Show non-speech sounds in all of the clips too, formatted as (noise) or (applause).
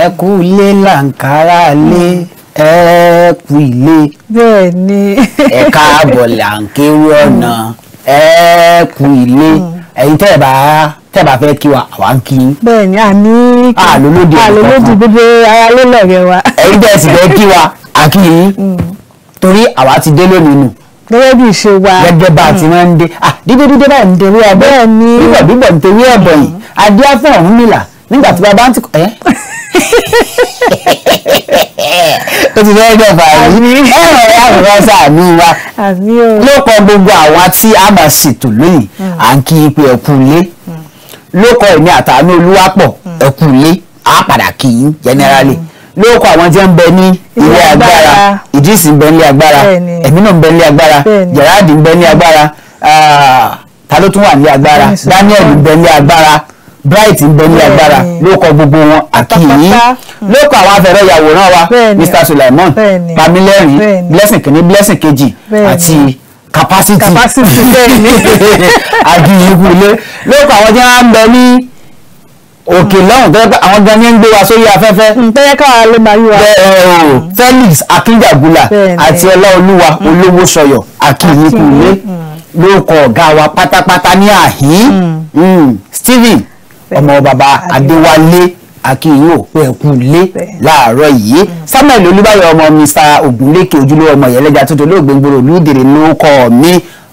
ẹ kú ilé làǹkárá lé ẹ kú ilé. bẹ́ẹ̀ ni. ẹ káàbọ̀ làǹkéwé ọ̀nà ẹ kú ilé mm. ẹ̀yin tẹ́ ẹ bá tẹ́ ẹ bá fẹ́ kí wa àwa ń kí. bẹ́ẹ̀ ni àní. àlólódì àlólódì gbogbo ara ló wa. ẹ̀yin tẹ́ ẹ sì fẹ́ kí wa àkí mm. torí àwa ti dé lónìí nù gẹ́gẹ́ bí ìṣe wa gẹ́gẹ́ bá a ti máa ń dé ah dídé dídé báyìí ń tẹ̀wé ọ̀bẹ bíbọ̀ bíbọ̀ ń tẹ̀wé ọ̀bọ̀ yìí mm. adé afẹ́ ọ̀hún nìlà nígbà tí bàbá ń tì ẹ́ o ti fẹ́ẹ́ dọ̀fà yìí ẹ̀rọ ẹ̀yà àwòrán sàánú wa ló kọ gbogbo àwọn tí a bá ṣètò lóyìn à ń kí ipe ẹ̀kú ilé ló kọ èmi àtàánú olúwapọ̀ ẹ̀kú ilé á padà kì í generally ló kọ àwọn jẹ́ ń bẹ ní ilé agbára ìdísì ń bẹ nílé agbára èmi náà ń bẹ nílé agbára Gerard ń bẹ nílé agbára ah, ta ló tún wà nílé agbára Daniel ń bẹ nílé agbára bright ń bẹ ní agbára ló kọ gbogbo wọn àkìyí ló kọ àwọn afẹ́rẹ́ ìyàwòrán wa mr suleiman pamilẹ́rìn blessing kìíní blessing kejì àti capacity (laughs) àdìyíkulé ló kọ àwọn jẹ́ wọn bẹ ní òkè hmm. lọ́hùn tẹ́lẹ̀ pé àwọn gan ni ń gbé wa sórí afẹ́fẹ́. Hmm, tẹ́lẹ̀ káwa ló máa yí wa. Hmm. felix akínjàgùlà àti ọláolúwa olówó sọyọ àkìyíkulé ló kọ ọ̀gá wa pátápátá ní àhín Steven ọmọ baba adéwálé akínyìn òpó ẹkú lé láàárọ̀ yìí mm. samuel olúbáyọ̀ ọmọ mr ògúnlékè ojúlówó ọmọ ìyẹlẹjà tuntun olóògbé gbòòrò olúdèrè ló kọ mí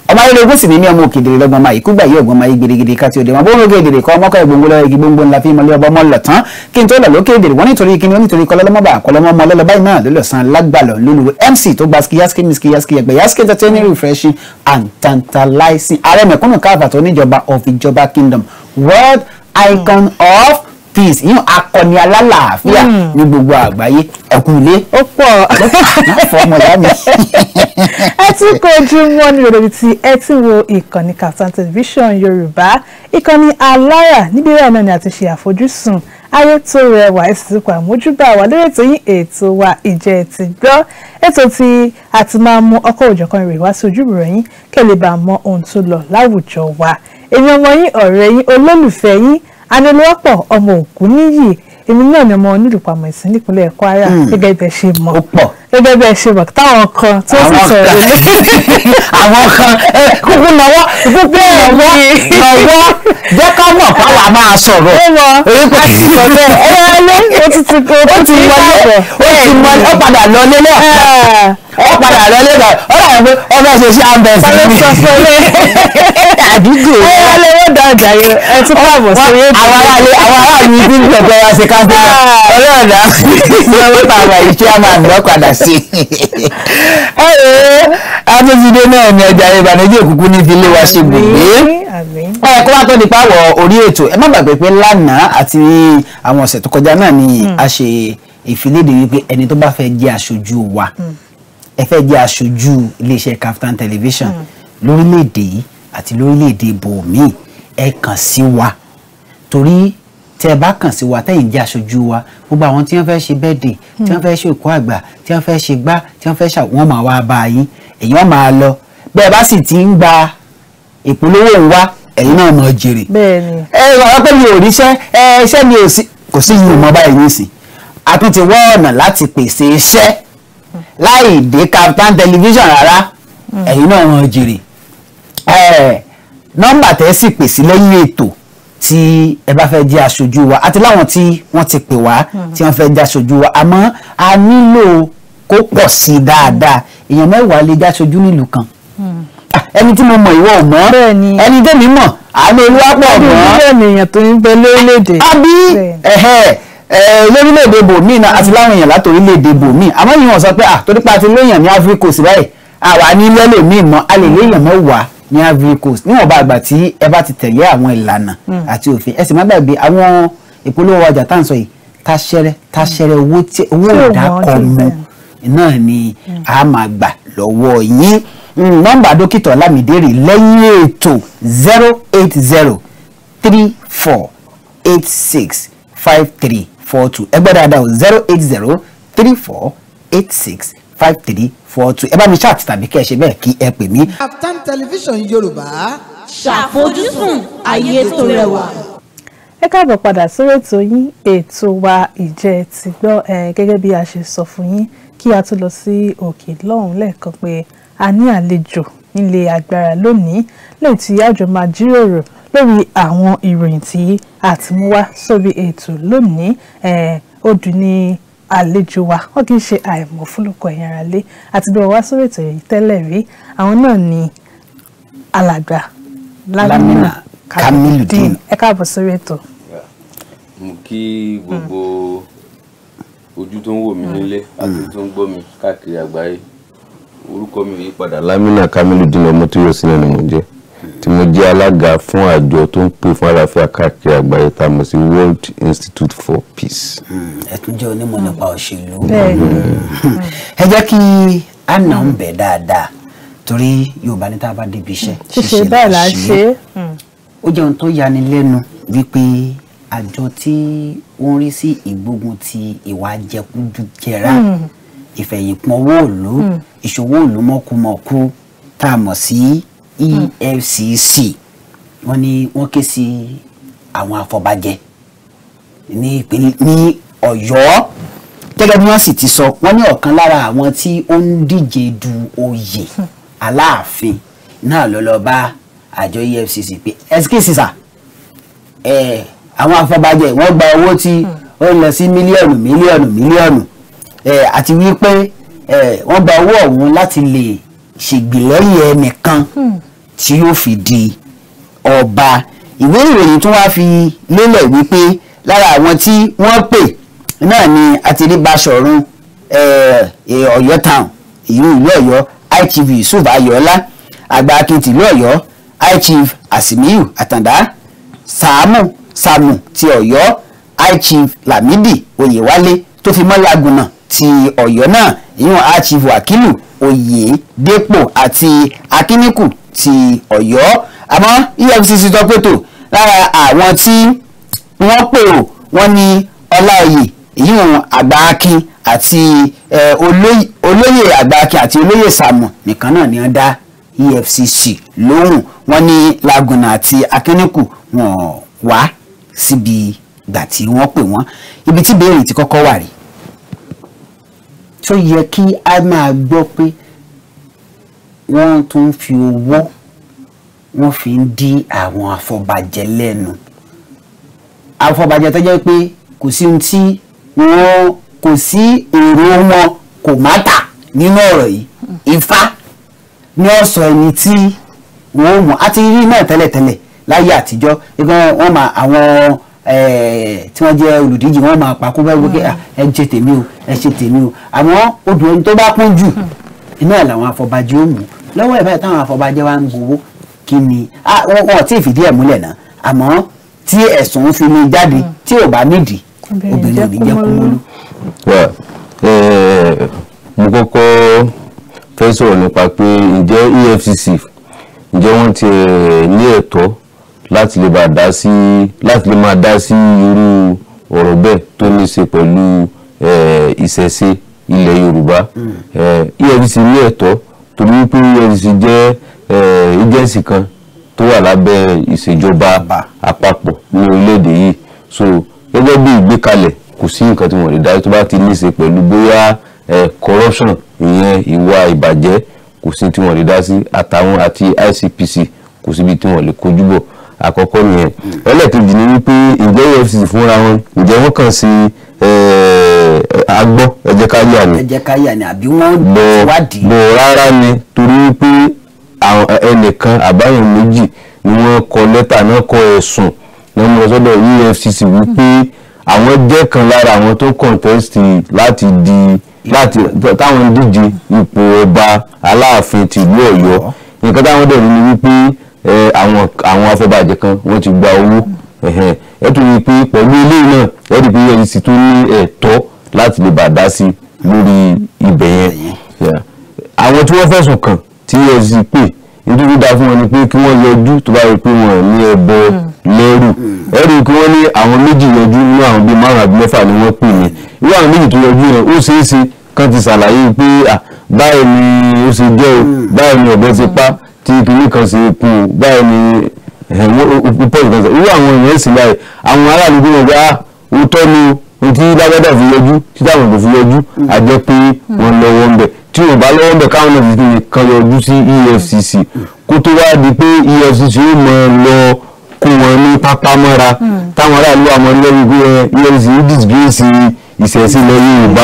ọmọ ayélujára sì ní ní ọmọ òkèdèrè lọgbọn máa ikú gbà yí ọgbọn máa yí gidigidi káti òde wọn bó lóge èdèrè kọ ọmọkọ ìgbòǹgbò lọ igi gbòǹgbò ńlá fi mọlẹ ọba ọmọ lọ tán kí n tó lọ lókè èdèrè wọn nítorí kíni wọn nítorí kọlọlọmọba àkọlọmọ ọmọ ọlọlọba iná lọlọsàn lágbàlọ lóluwẹ mc tó gba skiyaski miskiyaski ẹgbẹ yaski entertaining refreshing and tantalizing ààrẹ mẹ̀kúnnù káàfà tó níjọba of ìjọba kingdom world icon of peace yín akọni alálàáfíà hmm. ní gbogbo àgbáyé ẹkùn ilé. ó pọ̀ fọmọlá mi. (laughs) ẹ tún kojú wọn ní ìròyìn tí ẹ ti wo ìkànnì Kaftan television yorùbá ìkànnì alára níbí rẹ̀ náà ni a ti ṣe àfojúsùn ayé tó rẹwà ẹ sì ti pa àmójúbà wà lórí ètò yín ètò wa ìjẹ́ ti gbọ́ ètò tí a ti máa mú ọkọ̀ òjọ̀kan rè wá sí ojúbùrọ̀ yín kẹ́ lè bàa mọ ohun tó lọ láwùjọ wa èmi ọmọ yín ọ̀rẹ́ yín olólùfẹ́ yín anilọ́pọ̀ ọmọ òkú níyì èmi náà ni ọmọ onílùpàmọ̀ ìsìn nípínlẹ̀ Kwara hmm. gẹ́gẹ́ bẹ́ẹ̀ ṣe mọ̀ gẹ́gẹ́ bí ẹ ṣe mọ̀ táwọn kan tí wọ́n sì sọ̀rọ̀ lé. (laughs) àwọn kan kúkú nọwọ́ kúkú nọwọ́ nọwọ́ jẹ́ ká mọ̀ fáwọn máa sọ̀rọ̀. ó mọ ẹ lé o ti ti o ti wọlé o ti mọlé ó padà lọlé náà ó padà lọlé náà ó rà pé ọmọ ṣe ṣe ambẹ̀sì mi. àdúgbò ẹ yára lé wọ́n dá yẹn ẹ tún pààbọ̀ sí i. àwọn aráàlú àwọn aráàlú ibi ìgbẹ̀gbẹ̀ wa ṣe ká (laughs) ṣe (laughs) ẹ ẹ adébídé náà ni ọjà ìbànújẹ́ òkùnkùn ní ìdílé wa ṣe gbògbé ẹ kó wá tó di pàwọ̀ orí ètò ẹ má gbàgbé pé lánàá àti àwọn ọ̀sẹ̀ tó kọjá náà ni hmm. a ṣe ìfilédè wípé ẹni tó bá fẹ́ jẹ́ aṣojú wa hmm. ẹ fẹ́ jẹ́ aṣojú iléeṣẹ́ Kaftan television hmm. lórílẹ̀‐èdè yìí àti lórílẹ̀‐èdè bòmíì ẹ kàn sí wa torí tẹ bá kàn sí wa tẹ̀yin jẹ́ aṣojú wa gbogbo àwọn tí wọ́n fẹ́ ṣe bẹ́ẹ̀dẹ̀ tí wọ́n fẹ́ ṣe òkú àgbà tí wọ́n fẹ́ ṣe gbá tí wọ́n fẹ́ ṣà wọ́n máa wá bá yín èyàn máa lọ bẹ́ẹ̀ bá sì ti ń gba ìpolówó ń wá náà máa jèrè ẹ ọ̀rọ̀ pé mi ò ríṣẹ́ ẹ iṣẹ́ mi ò sí kò sí yìí mọ́ báyìí yìí sí a tún ti wá ọ̀nà láti pèsè iṣẹ́ láì dé Kaftan television rárá hmm. ẹ̀yin náà máa jèrè nọ́mbà tẹ́ sì pèsè lẹ́yìn ètò tí ẹ bá fẹ́ jẹ́ aṣojú wa àti láwọn tí wọ́n ti pè wá tí wọ́n fẹ́ jẹ́ aṣojú wa àmọ́ a nílò kó pọ̀ sí i dáadáa èèyàn mẹ́wàá lè jẹ́ aṣojú nílùú kan ah, ẹni tí mo mọ̀ ìwọ ò mọ̀ ẹni tẹ́mi mọ̀ àmì olúwapọ̀ mọ̀ ẹni èèyàn tó ń bẹ lórílẹ̀‐èdè. àbí lórílẹ̀‐èdè bòmíì náà àti láwọn èèyàn látòrílẹ̀‐èdè bòmíì àmọ́ ìyẹn wọ́n sọ pé àtòrípa ah, ti léèyàn ní áfíríkà sí báyìí àwa ní lẹ́lòmíì mọ́ a lè léèyàn mẹ́wàá ní Ivory Coast níwọ̀nba àgbà tí ẹ bá ti tẹ̀lé àwọn ìlànà hmm. àti òfin ẹ sì má gbàgbé àwọn ìpolówó ọjà tá à ń sọ yìí táṣẹrẹ táṣẹrẹ hmm. owó tí owó ìdákọ̀ọ́mù náà ni hmm. a máa gbà lọ́wọ́ yín nọ́mbà dókítà Ọlámídérè lẹ́yìn ètò zero eight zero three four eight six five three four two ẹgbẹ́ dáadáa o zero eight zero three four eight six five three four two ẹ bá mi ṣáàtì tàbí kẹ́ ẹ ṣe bẹ́ẹ̀ kí ẹ pè mí. Kaftan television yorùbá ṣàfojúsùn ayé tó rẹwà. ẹ káàbọ̀ padà sórí ètò yín ètò wa ìjẹ́ ti gbọ́ gẹ́gẹ́ bí a ṣe sọ fún yín kí a tó lọ sí òkè lọ́hùn lẹ́ẹ̀kan pé a ní àlejò nílé agbára lónìí lẹ́yìn tí àjọ máa jíròrò lórí àwọn ìròyìn tí a sórí ètò lónìí odù ni àlejò wa wọn kì í ṣe àìmọ̀ fúlùkọ ẹ̀yin ara lé àti bí wọn wá sórí ètò yìí tẹ́lẹ̀ rí àwọn náà ni alàgbà Lamina Kamiludeen ẹ káàbọ̀ sórí ètò. mo kí gbogbo ojú tó ń wò mí mm. nílé àti mm. tó ń gbọ́ mi káàkiri àgbáyé orúkọ mi yí padà Lamina Kamiludeen ọmọ tó yọ sílẹ̀ ni mo jẹ́ tí mo jẹ́ alága fún àjọ tó ń pè fún àlàáfíà káàkiri àgbáyé tá a mọ̀ sí World Institute for Peace. Hmm, ẹ tún jẹ́ onímọ̀ nípa òṣèlú hmm. ẹ jẹ́ kí a nà ń bẹ̀ dáadáa torí Yorùbá ní tá a bá débi iṣẹ́ ṣíṣe bẹ́ẹ̀ là ń ṣe é. Hmm. ó jẹ́ tó yani lẹ́nu wípé àjọ tí ó ń rí sí ìgbógun ti ìwà jẹkújẹra ìfẹ̀yìnpọ̀n owó ìṣòwò òòlù tá a mọ̀ sí EFCC wọ́n ní wọ́n ké sí àwọn afọbajẹ ní ìpínlẹ̀ ní Ọ̀yọ́ gẹ́gẹ́ bí wọ́n sì ti sọ wọ́n ní ọ̀kan lára àwọn tí ó ń díje du oyè Aláàfin náà ló lọ bá àjọ EFCC pé excuse sir ẹ àwọn afọbajẹ wọ́n gba owó tí ó lọ sí mílíọ̀nù mílíọ̀nù mílíọ̀nù àti wípé wọ́n gba owó ọ̀hún láti lè ṣègbè lẹ́yìn ẹnìkan. Hmm tí yóò fi di ọba ìwé ìròyìn tún wáá fi lélẹ̀ wípé lára àwọn tí wọ́n pè náà ni àtìrí Baṣọ̀run eh, Ọ̀yọ́ town ìlú ìlú Ọ̀yọ́ high chief Yusuf Ayọ̀ọ́lá àgbà akin tìlú Ọ̀yọ́ high Asimiyu Àtàndá Sàámù Sàmù ti Ọ̀yọ́ high chief Lamidi Oyèwálé tó fi mọ́ ti Ọ̀yọ́ náà ìyún high chief Wakilu Oyèdépò àti Akíníkù ti ọ̀yọ́ àmọ́ efcc sọ pé tó lára àwọn tí wọ́n pè ó wọ́n ní ọláòyè ìyíwọ̀n àgbàakin àti olóyè àgbàakin àti olóyè sàmù nìkan náà ni wọ́n dá efcc lóhùn wọ́n ní laguna àti akínníkù wọ́n wá síbi ìgbà tí wọ́n pè wọ́n ibi tí béèrè ti kọ́kọ́ wà rí tó yẹ kí a máa gbọ́ pé wọ́n tún ń fi owó wọ́n fi ń dí àwọn afọbajẹ lẹ́nu afọbajẹ tó jẹ́ pé kò sí ohun tí wọ́n kò sí èrò wọn kò má tà nínú ọ̀rọ̀ yìí ifá ni ó sọ ẹni tí wọ́n mọ̀ àti rí náà tẹ́lẹ̀tẹ́lẹ̀ láyé àtijọ́ wọ́n máa àwọn tí wọ́n jẹ́ olùdíje wọ́n máa pa kó bá wọ́n ẹ ṣe tèmi o ẹ ṣe tèmi o àmọ́ obìnrin tó bá kún jù iná làwọn afọbajẹ ó mú lọ́wọ́ ẹ̀ báyìí táwọn afọbajẹ́ wa ń gbowó kí ni wọn ò tí ì fìdí ẹ̀ múlẹ̀ náà àmọ́ tí ẹ̀sùn fi mi jáde mm. tí ò bá nídìí obìnrin ò ní jẹ́ kúmọ́lú. mo kọ́kọ́ fẹ́ sọ̀rọ̀ nípa pé ǹjẹ́ EFCC ǹjẹ́ wọ́n ti eh, ní ẹ̀tọ́ láti lè máa dá sí láti lè máa dá sí irú ọ̀rọ̀ bẹ́ẹ̀ tó ní ṣe pẹ̀lú eh, ìṣẹ̀ṣe ilẹ̀ Yorùbá mm. EFCC eh, e ní ẹ̀tọ́ torí pé EFCC jẹ́ eh, agency kan tó wà lábẹ́ ìṣèjọba àpapọ̀ ní orílẹ̀ yìí so gẹ́gẹ́ bí ìgbékalẹ̀ kò sí nǹkan tí wọ́n lè dájú tó bá ti níṣe pẹ̀lú bóyá eh, corruption ìyẹn ìwà ìbàjẹ́ kò sí tí wọ́n lè dá sí àtàwọn àti ICPC kò síbi tí wọ́n lè kojú bọ̀ àkọ́kọ́ nìyẹn ẹlẹ́ẹ̀kejì ni wípé ǹjẹ́ EFCC fúnra wọn ǹjẹ́ wọ́n sí i Eh, agbọ́ ẹ jẹ́ ká yà ni ẹ jẹ́ ká yà ni àbí wọ́n wádìí. bò rárá ni torí wípé ẹnìkan àbáyọ méjì ni wọ́n kọ lẹ́tà náà kọ ẹ̀sùn lẹ́nu lọ́sọ́dọ̀ EFCC wípé àwọn jẹ́ kan lára àwọn tó kọ̀ǹtẹ́sì láti di láti táwọn ń díje ipò ọba aláàfin tìlú Ọ̀yọ́ nǹkan táwọn dẹ̀ ní ni wípé eh, àwọn afọbàjẹ́ kan wọ́n ti gba owó ẹ tún rí i pé pẹ̀lú ilé náà ẹ rí i pé efcc tó ní ẹ̀tọ́ láti lè bá dá sí lórí ibẹ̀ yẹn àwọn tí wọ́n fẹ̀sùn kàn tí efcc pè nítorí dá fún wọn ni pé kí wọ́n yọjú tó bá rí i pé wọ́n ní ẹbọ hmm. lẹ́rù ẹ rí i pé wọ́n ní àwọn méjì yọjú nínú àwọn bíi márùn àbí mẹ́fà ni wọ́n pè ní irú àwọn méjì tó yọjú yẹn ó ṣeé ṣe kán ti ṣàlàyé pé báyìí ni ó ṣe jẹ́ o hmm. báyìí ni ọ̀bẹ ti pa tí kìnnìkan ṣe kú báyìí ni pọ́ọ̀sì kan sọ irú àwọn èèyàn sì láì àwọn aráàlú bí wọ́n gbé ah òótọ́ ni ohun tí lágbádá fi yọjú tí táwọn kò fi yọjú àjẹ́ pé wọ́n lọ́wọ́ ń bẹ̀ tí ò bá lọ́wọ́ ń bẹ̀ káwọn náà fi kan yọjú sí EFCC kó tó wá di pé EFCC ó máa lọ kó wọn ní pápá mọ́ra táwọn aráàlú àmọ́ lẹ́yìn pé EFCC ó dìsbíyèsí ìṣẹ̀sí ilẹ̀ Yorùbá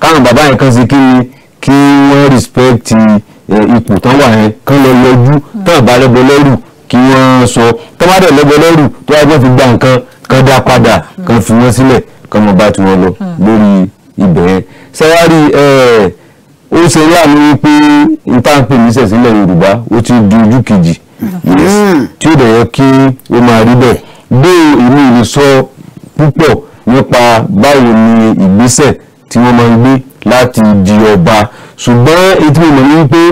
káwọn bàbá yẹn kan ṣe kí ni kí wọ́n respect ipò tán wà yẹn kán lọ yọjú tán àbálẹ́bọ lẹ́rù kí wọ́n sọ tọ́mádé lọ́gbọ́ lẹ́rù tó wáá jẹ́ fi gba nǹkan kan dá padà kan fi wọ́n sílẹ̀ kan mọ̀ bá tiwọn lọ lórí ibẹ̀ yẹn sẹ́wárí ó ṣe láàánú wípé ìtànpé mi ṣẹ̀ sílẹ̀ Yorùbá ó ti di ojú kejì hmm. tí ó dẹ̀yẹ kí ó máa rí bẹ́ẹ̀ bí ìlú ìlú sọ púpọ̀ nípa báwo ni ìgbésẹ̀ tí wọ́n máa ń gbé láti di ọba ṣùgbọ́n etí mi mọ̀ wípé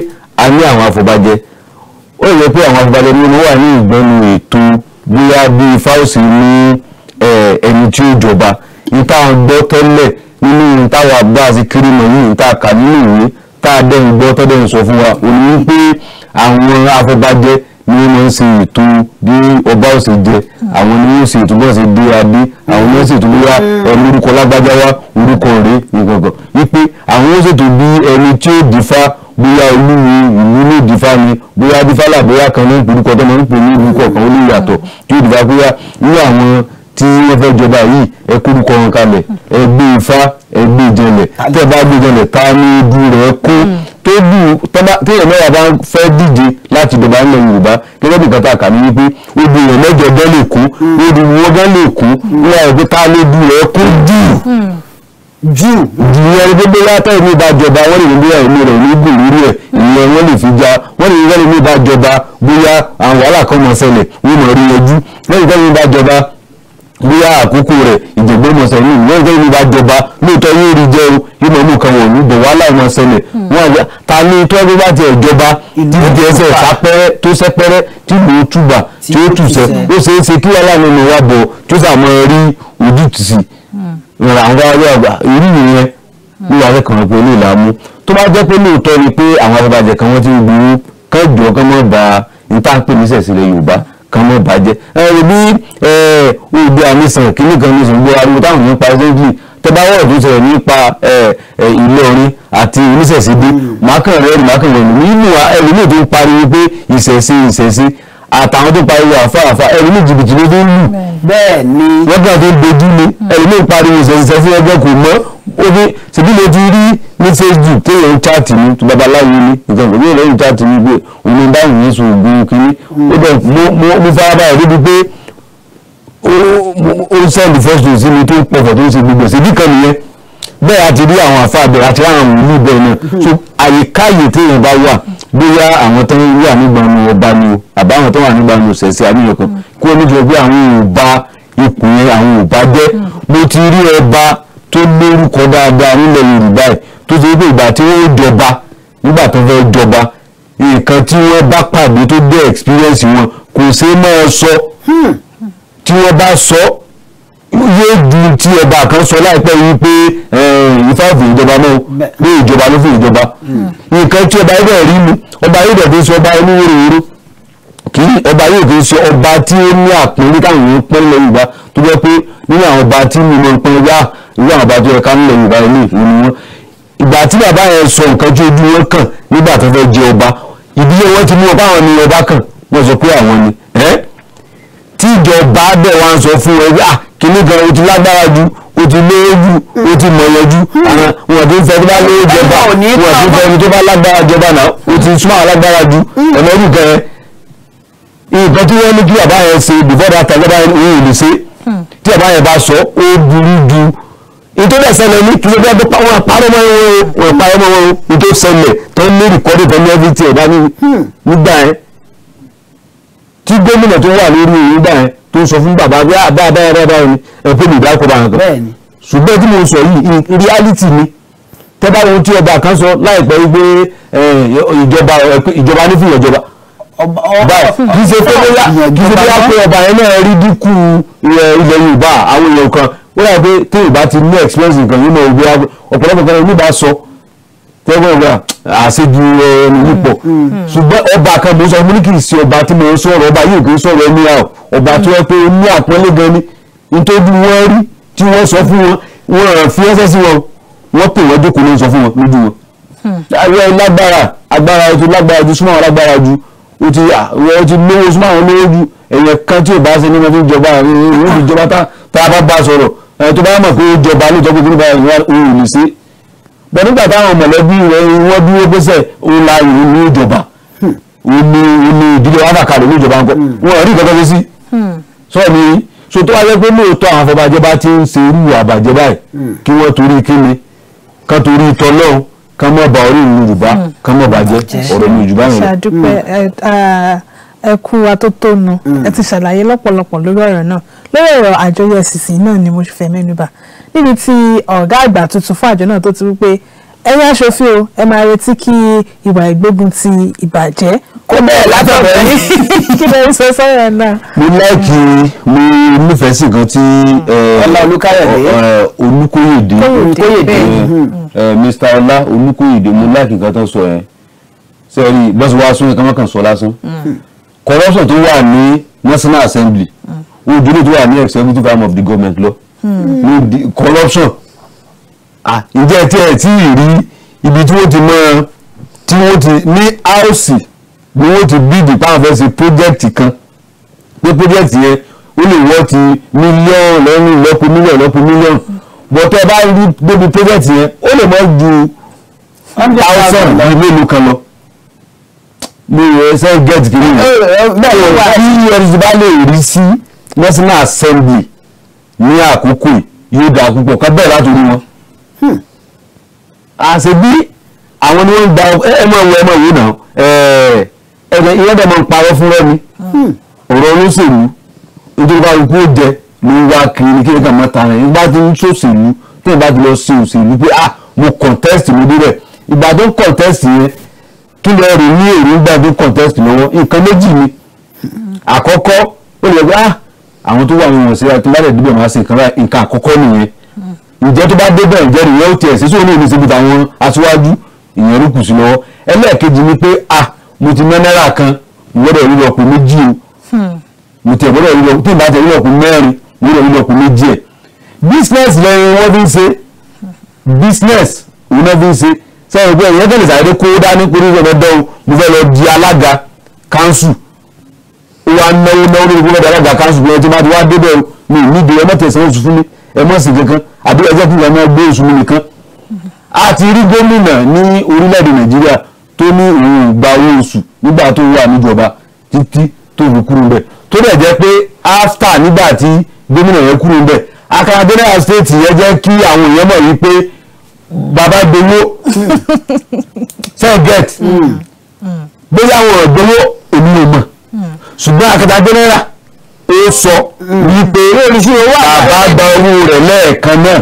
a ní àwọn afọbajẹ ó yẹ pé àwọn agbábọ́ọ̀lù ló wà ní ìgbẹ́nu ètò bóyá bíi fáwọsì ní ẹni tí ó jọba ní táwọn gbọ́ tẹ́lẹ̀ nínú ní táwọn abúlé kiri mọ̀ yìí ní tá a kà nínú ìwé tá a dẹ́n gbọ́ tọ́dẹ̀ ń sọ fún wa òun ní pé àwọn afọbajẹ ni wọ́n máa ń ṣe ètò bí ọba ó jẹ àwọn ni wọ́n ṣe ètò bí wọ́n ṣe dé adé àwọn ni wọ́n ṣe ètò bí wá ẹni orúkọ lágbájá wá orúkọ rẹ̀ nìkankan wípé àwọn ó ṣètò bí ẹni tí ó dìfá bóyá olúwo ìlú ló di fá ni bóyá adífálà bóyá kan ní ìpolúkọ tó máa ń pè ní ìlú kọ̀ọ̀kan ó lè yàtọ̀ tí ó dìbà bóyá irú àwọn tí wọ́n fẹ́ jọba yìí ẹ kórúkọ wọn kalẹ̀ ẹ gbé ifá ẹ gbé jẹlẹ̀ tẹ́ bá gbé jẹlẹ̀ ta ni ibu rẹ̀ kó hmm. tó bù téèyàn mẹ́wàá bá fẹ́ díje láti dọ̀bà ńlẹ̀ yorùbá gẹ́gẹ́ bí nǹkan tá wípé odò èèyàn mẹ́jọ gán lè kú hmm. odò wọn gán lè kú wọn àwọn ta lè bu rẹ̀ kó jù. Hmm. Júù ìyẹn ni gbogbo látà ìlú ìbàjọba wọ́n lè ní bóyá ìlú rẹ̀ ní gbòòrò rẹ̀ ìyẹn wọ́n lè fi já wọ́n lè ní bóyá ìlú ìbàjọba bóyá àwọn wàhálà kan máa ṣẹlẹ̀ wọ́n mọ̀ rí yanjú wọ́n lè ní bóyá ìlú ìbàjọba bóyá àkókò rẹ̀ ìjẹ̀gbọ́n mọ̀ ṣẹlẹ̀ wọ́n lè ní bóyá ìlú ìbàjọba lóòótọ́ yóò rí jẹun yóò mọ̀ mú kan wọ̀ ní bọ̀ wàhálà máa ṣẹlẹ̀ hmm. wọ́n ta ní tọ́jú bá ti ẹ̀jọba ìdí ẹsẹ̀ sápẹ́rẹ́ tó sẹ́pẹ́rẹ́ tí ló túbà tí ó tùsẹ̀ ó ṣeé ṣe kí wàhálà nínú wa bọ̀ tó sàmọ́ rí ojútùú sí i. Hmm ìrànwọ́ ayé ọgbà irú ìyẹn ní wàá kàn pé olè làá mú tó bá jẹ́ pé lóòótọ́ ni pé àwọn abàbàjẹ́ kan wọ́n ti ń burú kán jọ kán mọ́ ba ìtàǹpé ní sẹ̀sílẹ̀ yorùbá kán mọ́ bàjẹ́ ẹ ẹ bí ẹ òde àmísàn kínní kan ní sùn gbé ariwo táwọn yẹn pa ẹsẹ́ńtì tẹ́bá wọ́ọ̀ tó sọ̀rọ̀ nípa ilé orin àti oníṣẹ̀ṣe màákàn rẹ̀ màákàn rẹ̀ nínú ẹlòmíì tó ń pariwo pé ìṣẹ̀ṣe ìṣẹ̀ṣe àtàwọn tó pariwo àfa àfa ẹ̀rí ní jìbìtì ló dé lù bẹ́ẹ̀ ni lọ́gbà tó dojú lé mm. ẹ̀rí ní ìpariwo ìṣẹ̀ṣẹ̀ fún ẹgbẹ́ kò mọ́ obi ṣèbí lè ti rí ní facebook téèyàn ń chaàtì ní babaláwo ní nǹkan kò yóò lẹ́yìn chaàtì ní pé òun ní báyìí ní sùn ògùn kínní ó bẹ̀ mo farabalẹ̀ débi pé ó sẹ́ẹ̀lì fẹ́sùn sí mi tó pọ̀fọ̀ tó ń ṣe gbogbo ṣèbí kan nìyẹn bẹ́ẹ̀ àti rí àwọn àfa àbẹ̀rẹ̀ àti àwọn òun ní ibẹ̀ náà so àyíkáyè téèyàn bá wà bóyá àwọn tó ń rí ànígbàánu ọba ni o àbáwọn tó wà nígbàánu òṣèṣe àníyàn kan hmm. kí wọ́n níjọ pé àwọn ò bá ipò yẹn àwọn ò bá jẹ́ hmm. mo ti rí ọba tó lórúkọ dáadáa nílẹ̀ Yorùbá ẹ̀ tó ṣe pé ìgbà tí wọ́n jọba nígbà tó fẹ́ jọba nǹkan tí wọ́n bá pàdé tó dé experience wọn kò ṣeé máa sọ hmm. tí wọ́n bá sọ yóò ju ti ọba kan sọ láìpẹ́ yìí pé ìfá fún ìjọba náà pé ìjọba ló fún ìjọba hmm. nǹkan tí ọba ibẹ̀ rí mu ọba ibẹ̀ fi sọ ọba inú wòròwòrò kí ọba yóò fi sọ ọba tí ó ní àpínlẹ̀ káwọn èèyàn pẹ́ lẹ́yìn ìgbà tó jẹ́ pé nínú àwọn ọba tí mo mọ̀ pé yá irú àwọn ọba tó yẹ ká ń lẹ́yìn ìgbà ilé ìfún ni wọ́n ìgbà tí bàbá yẹn sọ nǹkan tí ojú wọn kàn nígbà tó fẹ́ jẹ ọba ìdílé wọn ti mú ọba àwọn ni ọba kàn wọ́n sọ pé àwọn ni tí ìjọba bẹ̀ wá ń sọ fún ẹ kìíní gan o ti lágbára ju o ti lówó ju o ti mọ̀yàn ju hmm. àwọn wọn ti ń fẹ́ tó bá lówó jọba wọn ti ń fẹ́ tó bá lágbára jọba náà o ti súnmọ́ àwọn lágbára ju hmm. ọ̀nà ìlú gan nǹkan tí wọ́n ní kí bàbá yẹn ṣe before that time bàbá yẹn òun ò lè ṣe hmm. tí bàbá yẹn bá sọ ó burú ju nítorí ẹ̀sẹ̀lẹ̀ ní kí ló dé pé wọ́n parọ́ mọ́ wọn wọ́n parọ́ mọ́ wọn nítorí ṣẹlẹ̀ tó ń ní rìkọ́dì tó ní everything ẹ̀dá nígbà yẹn tí gómìnà tó wà lórí ìgbà yẹn tó sọ fún bàbá bí àbá àbá ẹ̀rọ ẹ̀rọ ẹ̀rọ ẹ̀pẹ́ mi ìdáko bá nǹkan ṣùgbọ́n tí mo sọ yìí reality ni tẹ́ bá ohun tí ọba kan sọ láìpẹ́ wípé eh, ìjọba ìjọba ní fìyà ìjọba kì í ṣe pé bóyá kì í ṣe bóyá pé ọba yẹn náà rí dínkù eh, ilẹ̀ Yorùbá àwọn èèyàn kan wọ́n yà pé tí Yorùbá ti ní experience nǹkan yìí náà ọ̀pọ̀lọpọ̀ kan ní bá sọ tẹ́gbọ́n ìgbà àṣejù ẹni yìí pọ̀ mm, mm. mm. ṣùgbọ́n ọba kan mo sọ mo ní kì í ṣe ọba tí mo sọ̀rọ̀ ọba yìí kì í sọ̀rọ̀ ẹni à ọba tó yẹ pé ó ní àpọ́nlé gan ni nítorí wọ́n rí tí wọ́n sọ fún wọn wọn fi ẹsẹ̀ sí wọn wọ́n pè wọ́n jókòó ló ń sọ fún wọn lójú wọn. láàárọ̀ hmm. lágbára agbára ju lágbára ju súnmọ́ àwọn lágbára ju o ti wọ́n ti lówó súnmọ́ àwọn lówó ju èèyàn kan tí ò bá ṣe ní wọn fi jọba ìjọba tá a bá bá sọ̀rọ̀ tó bá mọ̀ pé ó jọba lóòótọ́ pé kí ló bá òun ò ní ṣe bọ̀ nígbà táwọn mọ̀lẹ́bí rẹ̀ wọ́n dúró gbèsè òun la ìlú ní ìjọba òun ní ìlú ìdílé wáfàkàlù ní ìjọba nǹkan wọn rí nǹkan tó sí sọ ni so tó wáyé pé lóòótọ́ àwọn afọbajẹ́ bá ti ń ṣe irú àbàjẹ́ báyìí kí wọ́n torí kíni kan torí tọ́lọ́ kan mọ̀ bá orí ìlú yorùbá kan mọ̀ bàjẹ́ ọ̀rọ̀ ìlú yorùbá yẹn. Hmm. ẹ kú atótónu hmm. ẹ ti ṣàlàyé lọ́pọ̀lọpọ̀ lórí ọ̀rọ̀ náà lórí ọ̀rọ̀ àjọyọ̀ ẹ̀sìn náà ni mo fẹ́ mẹ́nu níbi tí ọ̀gá àgbà tuntun fún àjọ náà tó ti wípé ẹ̀yin aṣòfin o ẹ máa retí kí ìwà ìgbógun ti ìbàjẹ́ kó bẹ́ẹ̀ látọ̀bẹ̀ yín (laughs) kí ló ń sọ sọ́yọ̀ náà. mo láìkí mo nífẹ̀ẹ́ sí nǹkan tí eh, ọlá olúkáyọ̀dé eh, eh, olúkóyèdé olúkóyèdé mr ọlá olúkóyèdé mo láìkí nǹkan tó sọ yẹn sẹ́ẹ̀rì bọ́sù wá sún ẹ̀ka mọ́kàn sọ lásán corruption tó wà ní national assembly ó dúró tó wà ní executive arm of the government lọ. Hmm. ní corruption ǹjẹ́ tí ẹ̀ tí ì rí ibi tí wọ́n ti mọ tí wọ́n ti ní áùsì ni wọ́n ti bíìdì páwọn fẹ́ ṣe project kan pé project yẹn ó lè wọ́ ti mílíọ̀nù lẹ́nu lọ́pọ̀ mílíọ̀nù lọ́pọ̀ mílíọ̀nù bọ́tọ̀ bá rí débi project yẹn ó lè mọ́ ju thousand bíi mélòó kan lọ mi ò ṣe get green. Eh, eh, bẹ́ẹ̀ ni wà á yí ẹni tí bá lè rí sí national assembly ní àkókò yìí yóò da púpọ̀ ká bẹ́ẹ̀ láti orí wọn. Hmm. àṣebí àwọn ni wọ́n ń da ẹ máa wọ ẹ máa wò náà ẹ ìyá dẹ̀ máa ń parọ́ fún rẹ́mi hmm. ọ̀rọ̀ olóṣèlú nítorí báwo kó jẹ ní wá kiri ní kíni ká máa ta rẹ̀ nígbà tí ń ṣòṣèlú tí ìbá ti lọ ṣe òṣèlú pé ah mo contest mo débẹ̀ ìgbà tó contest yẹn kí lè rí ní èròǹgbà tó contest lọ́wọ́ nǹkan méjì ni hmm. àkọ́kọ́ ó lè gbé ah àwọn tó wà ní wọn síra tó bá dẹ̀ dúbẹ̀ máa nǹkan àkọ́kọ́ nìyẹn ǹjẹ́ tó bá débẹ̀ ǹjẹ́ rẹ̀ yóò tiẹ̀ sísú ní ìmísí ibùdó àwọn aṣíwájú ìyẹn ló kù sí lọ́wọ́ ẹlẹ́ẹ̀kejì ni pé ah mo ti ná náírà kan gbọ́dọ̀ rí lọ́pọ̀ méjì o mo tiẹ̀ gbọ́dọ̀ rí lọ́pọ̀ tí ìbá tẹ̀ rí lọ́pọ̀ mẹ́rin gbọ́dọ̀ rí lọ́pọ̀ méjì ẹ̀ business lẹ́yìn wọ́n fi ń ṣe business òun náà fi ń ṣe sẹ́yìn pé ẹ̀yẹ́ tẹ̀lé sàrẹ́dẹ́ kó dání pé ní ìjọba dẹ́wọ́ mo fẹ́ lọ di alága council ó wá náwó náwó lórí fún ọ̀dọ̀ alága káńsù fún ẹ tí wọ́n ti wá débẹ̀ mi níbi ẹ mọ̀tẹ̀sán oṣù fún mi ẹ mọ̀ sí kankan àbí ẹ jẹ́ kí ìlànà gbé oṣù mi nìkan. a ti rí gómìnà ní orílẹ̀-èdè nàìjíríà tó ní òun ò gba owó oṣù nígbà tó wà níjọba títí tó fi kúrò bẹ̀ tó dẹ̀ jẹ́ pé after nígbà tí gómìnà yẹn kúrò bẹ̀ akara general state yẹn jẹ́ kí àwọn èèyàn mọ̀ wípé bàbá gbowó sẹ́ẹ̀ (laughs) get hmm. bóyá àwọn ọ̀gbowó èmi ò mọ̀ ṣùgbọ́n akẹta jẹ́nẹ́rà ó sọ wípé bàbá gba owó rẹ̀ lẹ́ẹ̀kan náà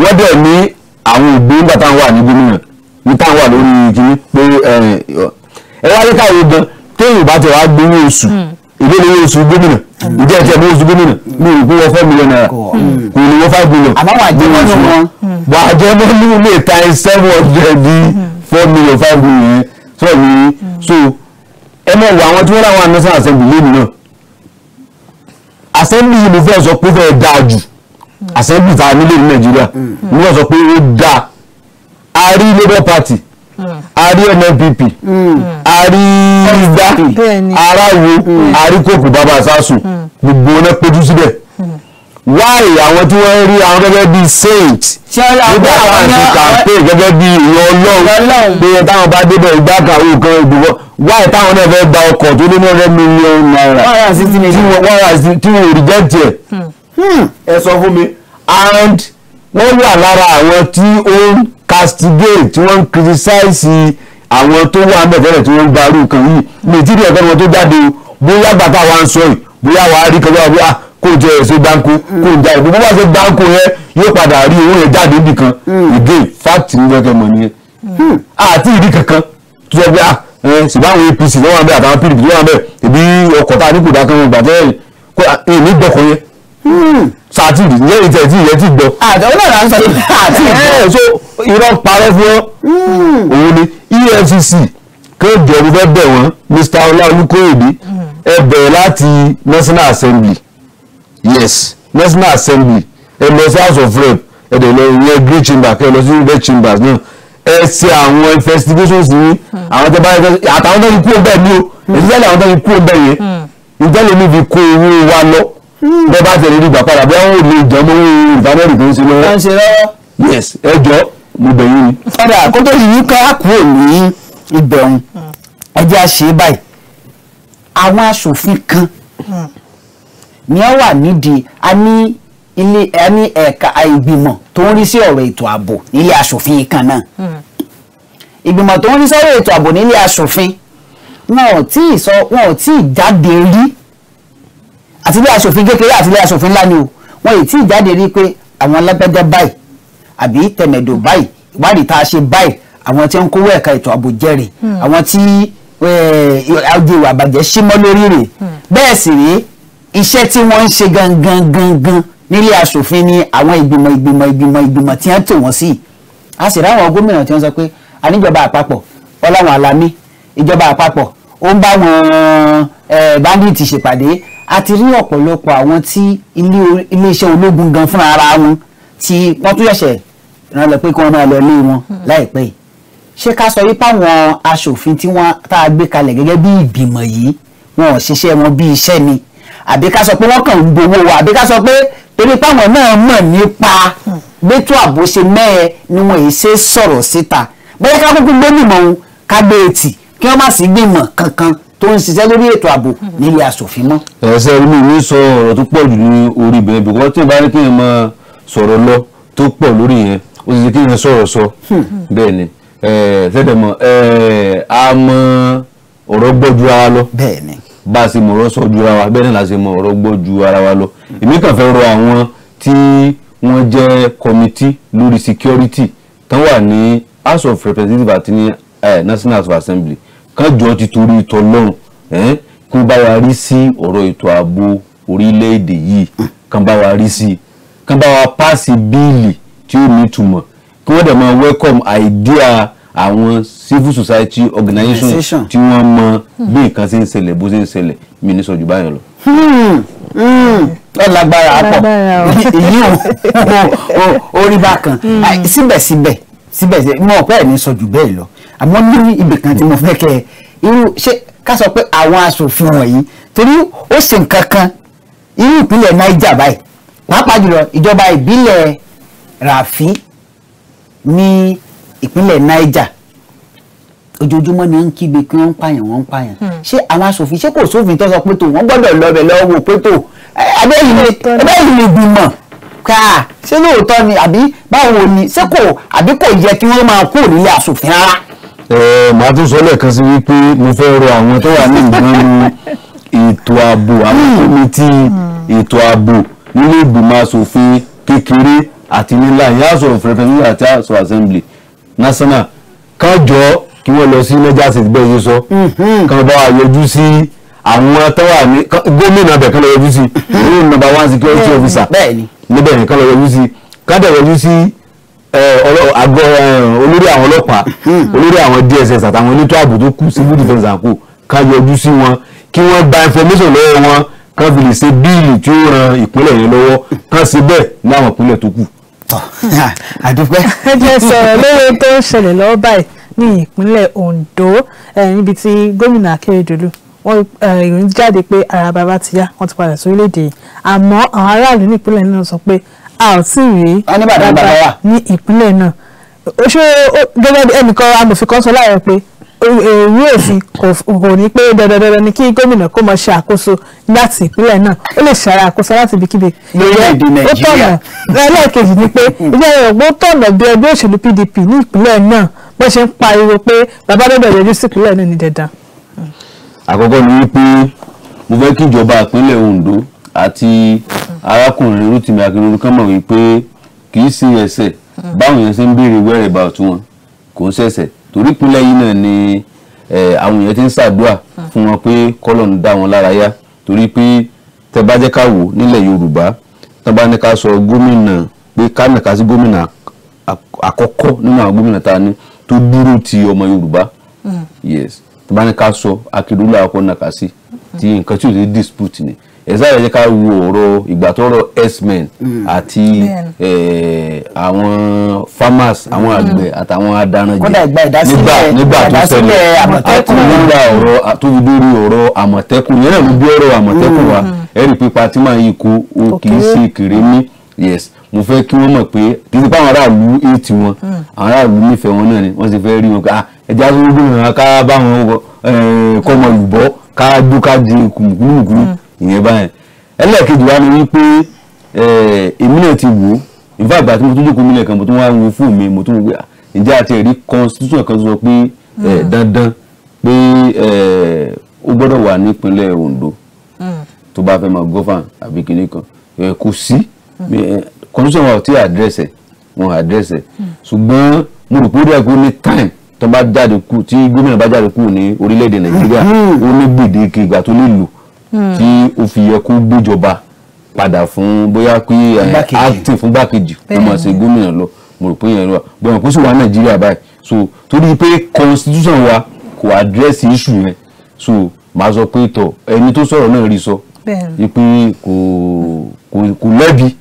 wọ́n dẹ̀ ní àwọn ògbé nígbà táwọn wà níbí náà ní táwọn wà lórí kìíní pé ẹ wá níta ìwé gan téèyàn bá ti wá gbé ní oṣù ìdílé ní oṣù gómìnà ìdí ẹ̀jẹ̀ ní oṣù gómìnà ní ìlú wọn fẹ́ mílíọ̀nù náírà kò ní wọ́n five million. àmọ́ wàá jẹ́ mọ́nú wọn. wàá jẹ́ mọ́nú lè ta seven hundred four million five million yẹn sọ̀rọ̀ yìí so. Mm ẹ mọ̀ wọ àwọn tí wọ́n láwọn anọ́sán assembly lónìí náà assembly yìí mo fẹ́ sọ pé fẹ́ dáa jù assembly tá a nílé ní nàìjíríà mm. mo fẹ́ sọ pé ó dáa a rí labour party mm. a rí nnpp mm. a rí igba aráwo a rí kókò bàbá sásù gbogbo náà péjú síbẹ̀ wáì àwọn tí wọ́n rí àwọn gẹ́gẹ́ bíi saint nígbà àwọn àti campaign gẹ́gẹ́ bíi ìwọ ọlọ́run pé táwọn bá débẹ̀ ìgbà kan nǹkan ìdìbò wáì táwọn náà fẹ́ gba ọkọ̀ tó lé ní ọ̀rẹ́ mílíọ̀nù náírà tí wọ́n rí jẹ́jẹ́ hmm. hmm. ẹ sọ fún mi and wọ́n wà lára àwọn tí ó ń castigate tí wọ́n ń criticize àwọn tó wà ń bẹ̀ tẹ́lẹ̀ tí wọ́n ń gbarú kan yìí nàìjíríà ẹ̀kọ́ ni wọ́n tó jáde bóyá bàtà wa ń sọ yìí bóyá wàá rí kan bóyá bóyá kó jẹ èso gbáǹkó kó ja òkú bó bá ṣe gbáǹkó yẹn yóò padà rí owó yẹn jáde nìkan ìdè fáàtì ní mọ nìyẹn hmm. àti ìdí kankan tó sọ pé ah ṣùgbọ́n àwọn APC ló wà àtàwọn PDP ló wà ìbí ọkọ̀ tá a ní kò dá kan ìgbà tẹ́lẹ̀ kó èmi ah, gbọ́kọ̀ yẹn sàtì hmm. ìdí yẹn ìtẹ̀ tí ìyẹn ti gbọ́. àtẹ̀wé náà ń sọ yìí. (laughs) àti ìbẹ̀rẹ̀ (laughs) so irọ́ parẹ́ fún ọ́ hmm. òun ni EFCC kéèjọ́ ló fẹ́ bẹ̀ wọ́n yes national assembly ẹ lọ sí house of rep ẹ dẹ̀ lọ ìyẹn green chamber kẹ́ ẹ lọ sí red chambers náà ẹ ṣe àwọn investigations yìí àwọn tẹ bá yẹ kẹ àtàwọn tó ń kú ọbẹ̀ ni o ìdílé hmm. àwọn tó ń kú ọbẹ̀ yẹn ìdílé hmm. mi fi kó owó wa lọ hmm. bẹ́ẹ̀ bá tẹ̀lé nígbà padà bí wọ́n ò lè jọ mọ́ ìfàmẹ́rì tó ń ṣe lọ́wọ́. wọ́n ṣe yes ẹ jọ mo bẹ̀ yín ni. padà kó tó yìí ká kúrò ní ibẹ̀ ọ̀hún ẹ jẹ́ àṣẹ báyìí àwọn aṣòfin kan ni ó wà nídìí a ní ilé a ní ẹ̀ka ìgbìmọ̀ tó ń rí sí ọ̀rọ̀ ètò ààbò nílé asòfin kan náà hmm. ìgbìmọ̀ tó ń rí sọ́rọ̀ ètò ààbò nílé asòfin wọn ò tí ì sọ wọn ò tí ì jáde rí àtìlé asòfin kékeré àtìlé asòfin ńlá ni o wọn ò tí ì jáde rí pé àwọn lágbájá báyìí àbí tẹ̀mẹ̀dò báyìí ìwádìí tá a ṣe báyìí àwọn tí ń kówó ẹ̀ka ètò ààbò jẹ́rè hmm. àwọn tí ọjọ́ eh, ìwà àbàjẹ́ símọ́ lórí rẹ̀ hmm. bẹ́ẹ̀ sì rèé iṣẹ́ tí wọ́n ń ṣe gangan gangan nílé asòfin ni àwọn ìgbìmọ̀ ìgbìmọ̀ ìgbìmọ̀ ìgbìmọ̀ tí wọ́n tò wọ́n sí a sì ráwọn gómìnà tí wọ́n sọ pé àníjọba àpapọ̀ ọláwọn alámi ìjọba àpapọ̀ ó ń bá wọn bandit ṣèpàdé a ti rí ọ̀pọ̀lọpọ̀ àwọn tí iléeṣẹ́ ológun gan fúnra ara wọn tí wọ́n tún ṣẹ̀ṣẹ̀ rán lọ pé kí wọ́n máa lọ ilé wọn hmm. láìpẹ́ yìí ṣé ká sọ wípé àwọn aṣòfin tí wọ́n tá a gbé kalẹ̀ gẹ́gẹ́ bí ìgbìmọ̀ yìí wọn ò ṣiṣẹ́ wọn bí iṣẹ́ ni àbí ká sọ pé wọ́n kàn ń gbowó wa àbí ká sọ pé torí páwọn náà mọ̀ nípa gbẹ́tọ̀ àbò ṣe mẹ́ẹ̀ ni wọ́n yìí ṣe sọ̀rọ̀ síta bóyá ká kúkú gbé nìmọ̀ òun ká gbé etì kí wọ́n má sì gbìmọ̀ kankan tó ń ṣiṣẹ́ lórí ètò ààbò nílé asòfin mọ́. ẹsẹ inú mi sọ ọ̀rọ̀ tó pọ̀ jù ní orí ibẹ̀ bìkọ́ tí ìbá ní kí n máa sọ̀rọ̀ lọ tó pọ̀ lórí yẹn ó ti di kí n sọ̀rọ̀ sọ hmm. bẹ́ẹ̀ ni fẹ́dẹ̀ mọ̀ a mọ ọ̀rọ̀ gbọ́jú ara lọ. bẹ́ẹ̀ ni bá a ṣe mọ̀rọ̀ sọ ju ara wa bẹ́ẹ̀ náà la ṣe mọ̀rọ̀ gbọ́ ju ara wa lọ èmi kàn fẹ́ rọ àwọn tí wọ́n jẹ́ kọ́mítì lórí security tán wà ní house of representatives àti ní national house of assembly kán jọ ti torí ìtọ́ lọ́rùn kó bá wa rí sí ọ̀rọ̀ ètò ààbò orílẹ̀-èdè yìí kán bá wa rí sí kán bá wa páàsì bíìlì tí ó ní ìtumọ̀ kí wọ́n dẹ̀ máa welcome idea àwọn civil society organization tí wọ́n mọ bí nǹkan ṣe ń ṣẹlẹ̀ bó ṣe ń ṣẹlẹ̀ mi ní sọ̀jù báyọ̀ lọ. lọ́lágbára hmm, hmm. àpọ̀ èyí ò orí bákan hmm. síbẹ̀síbẹ̀ síbẹ̀síbẹ̀ mo ọ̀pẹ́ ẹ̀ ní sọ̀jù bẹ́ẹ̀ lọ àmọ́ ní ibì kan tí mo fẹ́ kẹ́ ẹ irú ṣé ká sọ pé àwọn aṣòfin wọ̀nyí torí ó ṣe nǹkan kan irú ìpínlẹ̀ Niger báyìí pàápàá jùlọ ìjọba ìbílẹ̀ Rafi ní ìpínlẹ̀ Niger ojoojúmọ́ ni wọ́n ń kígbe kí wọ́n ń pààyàn wọ́n ń pààyàn hmm. ṣé àwọn asòfin ṣé kò sófin tó sọ pé tó wọ́n gbọ́dọ̀ lọ́bẹ̀ lọ́wọ́ wò pé tó abẹ́yìn lè gbìmọ̀ ká ṣé lóòótọ́ ni àbí báwo ni ṣé kò àbí kò yẹ kí wọ́n máa kúrò nílé asòfin rárá. màá tún sọ lẹ́ẹ̀kan sí wípé mo fẹ́ rọ àwọn tó wà ní ètò ààbò àwọn hmm. kọ́mítì hmm. ètò ààbò nílé ìgbìmọ̀ asòfin kékeré àti nílá ìyá assembly national kájọ kí wọ́n lọ sí lẹ́jà state bẹ́ẹ̀ yín sọ mhm. kàn bá wa yọjú sí àwọn tó wà ní gómìnà bẹ̀ kán lọ yọjú sí gómìnà mhm. number one security officer níbẹ̀ ni kán lọ yọjú sí kádà yọjú sí àgọ́ olórí àwọn ọlọ́pàá mhm. olórí àwọn DSS àtàwọn onítọ ààbò kù civil defence and co ká yọjú sí wọn kí wọ́n gba information lọ́wọ́ wọn kán fi lè ṣe bíìlì tí ó ran ìpínlẹ̀ yẹn lọ́wọ́ kán ṣe bẹ́ẹ̀ ní àwọn ìpínlẹ̀ tó kù tọ àdúpẹ́. ẹ jẹ́ sọ̀rọ̀ lórí tó ń ṣẹlẹ̀ lọ́wọ́ báyìí ní ìpínlẹ̀ Ondo níbi tí gómìnà Akérèdọ́lù wọn ìròyìn jáde pé ara bàbá ti yá wọn ti padà sórílẹ̀-èdè yìí àmọ́ àwọn aráàlú ní ìpínlẹ̀ náà sọ pé a ò tí ì rí bàbá ní ìpínlẹ̀ náà ó ṣe gẹ́gẹ́ bí ẹnìkan amòfin kan sọ láàárọ̀ pé ìwé òfin kò ní pé dandandandan ni kí gómìnà kó máa ṣe àkóso láti ìpínlẹ̀ náà ó lè ṣe àkóso láti ibikíbi. lórílẹ̀‐èdè nàìjíríà ẹlẹ́ẹ̀kejì ni pé ìjọba ìrọ̀gbọ́ tọ̀nà bí ẹgbẹ́ òṣèlú pdp ní ìpínlẹ̀ náà bó ṣe ń pariwo pé bàbá dọ́dọ̀ yọjú sí náà ní dandan. àkọ́kọ́ ni wípé mo fẹ́ kí ìjọba ìpínlẹ̀ ondo àti arákùnrin rotimi akérèdọ́lù kan mọ̀ wípé kì í ṣe ẹ̀ṣẹ̀ báwọn yẹn ṣe ń béèrè whereabout wọn kò ń ṣẹ̀ṣẹ̀ torí ìpínlẹ̀ yìí náà ni àwọn èèyàn ti ń ṣàdúà fún wọn pé kọ́lọ́n dá wọn lára yá torí pé tẹ bá jẹ́ ká wò nílẹ̀ Yorùbá tán bá ní ká sọ gómìnà pé ká nàka sí gómìnà àkọ́kọ́ nínú àwọn gómìnà ta ni tó dúró ti ọmọ Yorùbá hmm. yes tán bá ní ká sọ Akérédolú àkọ́kọ́ nàka sí ti nǹkan tí ò lè dispute ni ẹ sáré jẹ́ ká wo ọ̀rọ̀ ìgbà tó rọ herdsmen mm. àti eh, àwọn farmers àwọn mm. àgbẹ̀ àtàwọn adaranjẹ nígbà nígbà tó ṣẹlẹ̀ àti nígbà ọ̀rọ̀ tó fi dórí ọ̀rọ̀ àmọ̀tẹ́kùn yẹn náà ló bí ọ̀rọ̀ àmọ̀tẹ́kùn wa mm. ẹ̀rí pípa tí màá yí ko o kì í ṣe kìrìmí yes mo fẹ́ kí wọ́n mọ̀ pé kì í ṣe pé àwọn aráàlú èètì wọn àwọn aráàlú nífẹ̀ẹ́ wọn náà ni wọ́n sì fẹ́ rí wọn ká ẹja tó ń gbìyànjú ká bá wọn eh, kọ́ ọmọ ìlú ká dúkàá di kùmùkùmùkùmù ìyẹn báyẹn ẹlẹ́ẹ̀kejì wa ni wípé èmi náà ti wò ó ìfá àgbà tí mo tún jókòó mílẹ̀ kan mo tún wá wo fún mi mo tún wò pé ah, ǹjẹ́ àti ẹ̀rí constitution kan sọ pé mm-hmm. dandan pé ó gbọ́dọ̀ wà nípínlẹ̀ Ondo mm. tó bá fẹ́ máa gọ́fàn àbí kinní kan kò sí mm. constitution wa ti àdírẹ́sẹ̀ wọn àdírẹ́sẹ̀ mm. ṣùgbọ́n mo rò pé ó dẹ́ kó ní time tó bá jáde kú tí gómìnà bá jáde kú ní orílẹ̀-èdè Nàìjíríà mm-hmm. ó ní gbèdéke ìgbà tó lè lò Hmm. tí ó fi yẹ kó gbéjọba padà fún bóyá pé eh, acting fún gbàkejì kó máa ṣe gómìnà lọ mo rò pé yẹn wà bọ́n kó sì wà nàìjíríà báyìí so torí pé constitution wa kò address issue yẹn so màá sọ pé tọ ẹni tó sọ̀rọ̀ náà rí sọ pé kò kò lẹ́bi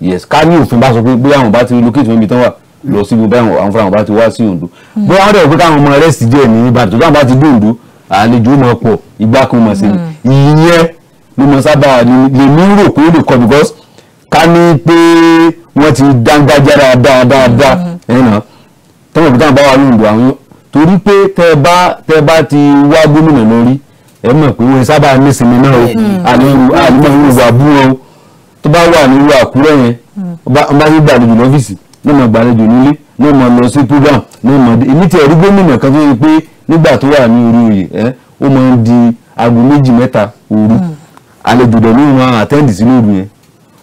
yes ká ní òfin bá sọ pé bóyá àwọn bá ti relocate níbi tán wà lọ síbi báyìí àwọn fúnra wọn bá ti wá sí Ondo hmm. bóyá wọn dẹ̀ pé káwọn ọmọ rẹ̀ sì díẹ̀ ní Ìbàdàn tó dáhùn bá ti dé Ondo àlejò mọ̀ pọ̀ ìgbà kan mọ̀ sí ni hmm. ìyẹn ló mọ̀ sábà lèmi rò pé ó lè kọ́ because ká ní pé wọ́n ti dángájá dáadáa dáadáa hmm. ẹ̀yìn náà tọ́wọ́n bí táwọn bá wà lóyìnbó àwọn torí pé tẹ́ bá tẹ́ bá ti wá gómìnà lórí ẹ mọ̀ pé wọ́n sábà ní sinmi náà o àlejò hmm. àlejò ìwà búrọ̀ o tó bá wà nílùú àkúrẹ́ yẹn ọba yóò gbàlejò lọ́fíìsì ní ọmọ gbàlejò nílé ní ọmọ lọ sí program ní ọmọ èmi tiẹ̀ rí gómìnà kan tó yẹ pé nígbà tó wà ní orí oyè ẹ ó máa ń di aago méjì mẹ́ta òru hmm. àlejò dẹ̀ ló ń ran àtẹ́ǹdì sínú òru yẹn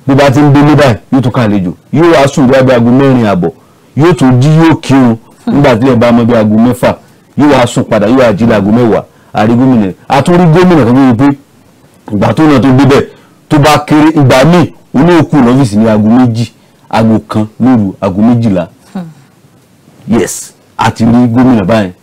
bó bá ti ń délé báyìí yóò tún ká àlejò yóò wá sùn bí aago mẹ́rin àbọ̀ yóò tún jí yóò kírun hmm. nígbà tí ẹ bá mọ bí aago mẹ́fà yóò wá sùn padà yóò wá jí kan pé